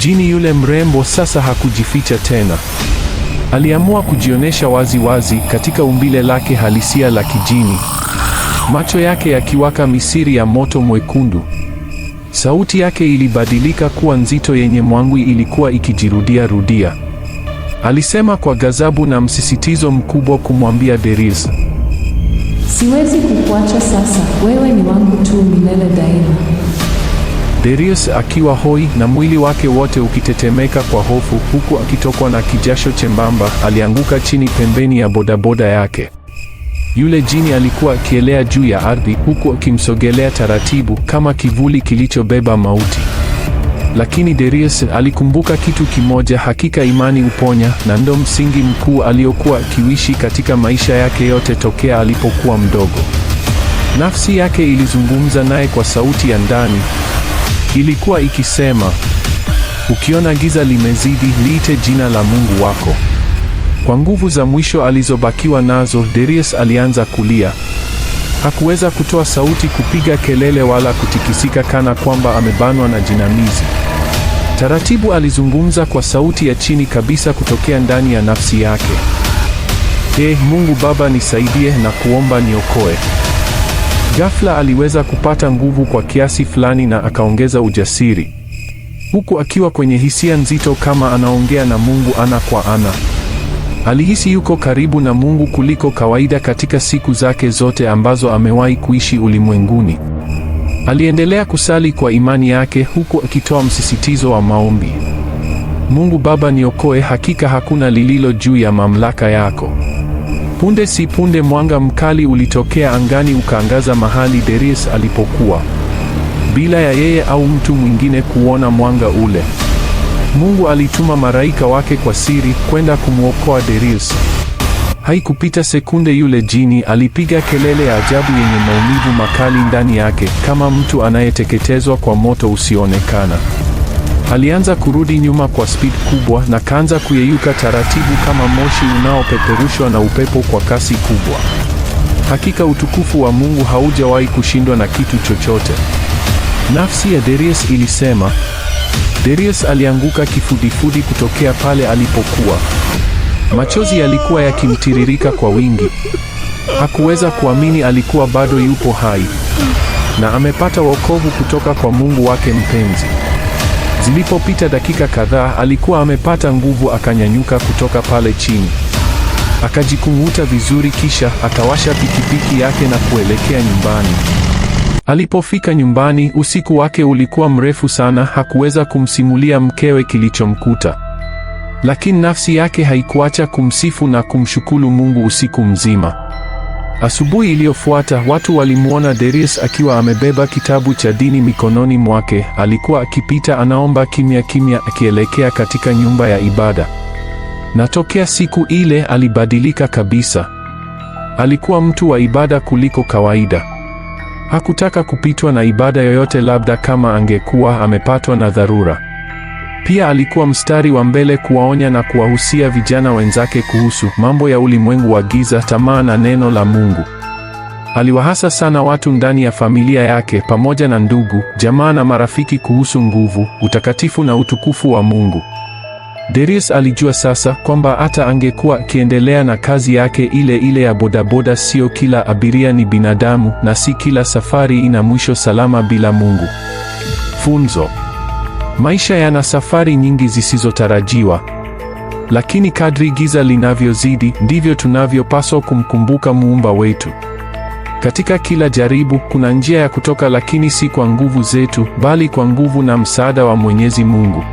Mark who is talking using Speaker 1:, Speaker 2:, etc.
Speaker 1: Jini yule mrembo sasa hakujificha tena. Aliamua kujionyesha wazi wazi katika umbile lake halisia la kijini, macho yake yakiwaka misiri ya moto mwekundu. Sauti yake ilibadilika kuwa nzito yenye mwangwi, ilikuwa ikijirudia rudia. Alisema kwa ghadhabu na msisitizo mkubwa kumwambia deris siwezi kukuacha sasa, wewe ni wangu tu milele daima.
Speaker 2: Darius akiwa hoi na mwili wake wote ukitetemeka kwa hofu, huku akitokwa na kijasho chembamba, alianguka chini pembeni ya bodaboda yake. Yule jini alikuwa akielea juu ya ardhi, huku akimsogelea taratibu kama kivuli kilichobeba mauti. Lakini Darius alikumbuka kitu kimoja, hakika imani uponya, na ndo msingi mkuu aliokuwa akiwishi katika maisha yake yote tokea alipokuwa mdogo. Nafsi yake ilizungumza naye kwa sauti ya ndani ilikuwa ikisema, ukiona giza limezidi, liite jina la Mungu wako. Kwa nguvu za mwisho alizobakiwa nazo, Darius alianza kulia. Hakuweza kutoa sauti, kupiga kelele, wala kutikisika, kana kwamba amebanwa na jinamizi. Taratibu alizungumza kwa sauti ya chini kabisa kutokea ndani ya nafsi yake. E, Mungu Baba nisaidie na kuomba niokoe. Ghafla aliweza kupata nguvu kwa kiasi fulani na akaongeza ujasiri, huku akiwa kwenye hisia nzito kama anaongea na Mungu ana kwa ana. Alihisi yuko karibu na Mungu kuliko kawaida katika siku zake zote ambazo amewahi kuishi ulimwenguni. Aliendelea kusali kwa imani yake huku akitoa msisitizo wa maombi. Mungu Baba niokoe, hakika hakuna lililo juu ya mamlaka yako. Punde si punde mwanga mkali ulitokea angani ukaangaza mahali Darius alipokuwa, bila ya yeye au mtu mwingine kuona mwanga ule. Mungu alituma malaika wake kwa siri kwenda kumwokoa Darius. Haikupita sekunde, yule jini alipiga kelele ya ajabu yenye maumivu makali ndani yake, kama mtu anayeteketezwa kwa moto usioonekana alianza kurudi nyuma kwa spidi kubwa na kaanza kuyeyuka taratibu kama moshi unaopeperushwa na upepo kwa kasi kubwa. Hakika utukufu wa Mungu haujawahi kushindwa na kitu chochote. Nafsi ya Darius ilisema. Darius alianguka kifudifudi kutokea pale alipokuwa. Machozi yalikuwa yakimtiririka kwa wingi. Hakuweza kuamini alikuwa bado yupo hai na amepata wokovu kutoka kwa Mungu wake mpenzi. Zilipopita dakika kadhaa, alikuwa amepata nguvu, akanyanyuka kutoka pale chini, akajikunguta vizuri, kisha akawasha pikipiki yake na kuelekea nyumbani. Alipofika nyumbani, usiku wake ulikuwa mrefu sana. Hakuweza kumsimulia mkewe kilichomkuta, lakini nafsi yake haikuacha kumsifu na kumshukuru Mungu usiku mzima. Asubuhi iliyofuata watu walimwona Darius akiwa amebeba kitabu cha dini mikononi mwake. Alikuwa akipita anaomba kimya kimya, akielekea katika nyumba ya ibada, na tokea siku ile alibadilika kabisa. Alikuwa mtu wa ibada kuliko kawaida. Hakutaka kupitwa na ibada yoyote, labda kama angekuwa amepatwa na dharura. Pia alikuwa mstari wa mbele kuwaonya na kuwahusia vijana wenzake kuhusu mambo ya ulimwengu wa giza, tamaa na neno la Mungu. Aliwahasa sana watu ndani ya familia yake pamoja na ndugu, jamaa na marafiki kuhusu nguvu, utakatifu na utukufu wa Mungu. Derius alijua sasa kwamba hata angekuwa akiendelea na kazi yake ile ile ya bodaboda, sio kila abiria ni binadamu na si kila safari ina mwisho salama bila Mungu. Funzo: Maisha yana safari nyingi zisizotarajiwa, lakini kadri giza linavyozidi ndivyo tunavyopaswa kumkumbuka muumba wetu. Katika kila jaribu kuna njia ya kutoka, lakini si kwa nguvu zetu, bali kwa nguvu na msaada wa Mwenyezi Mungu.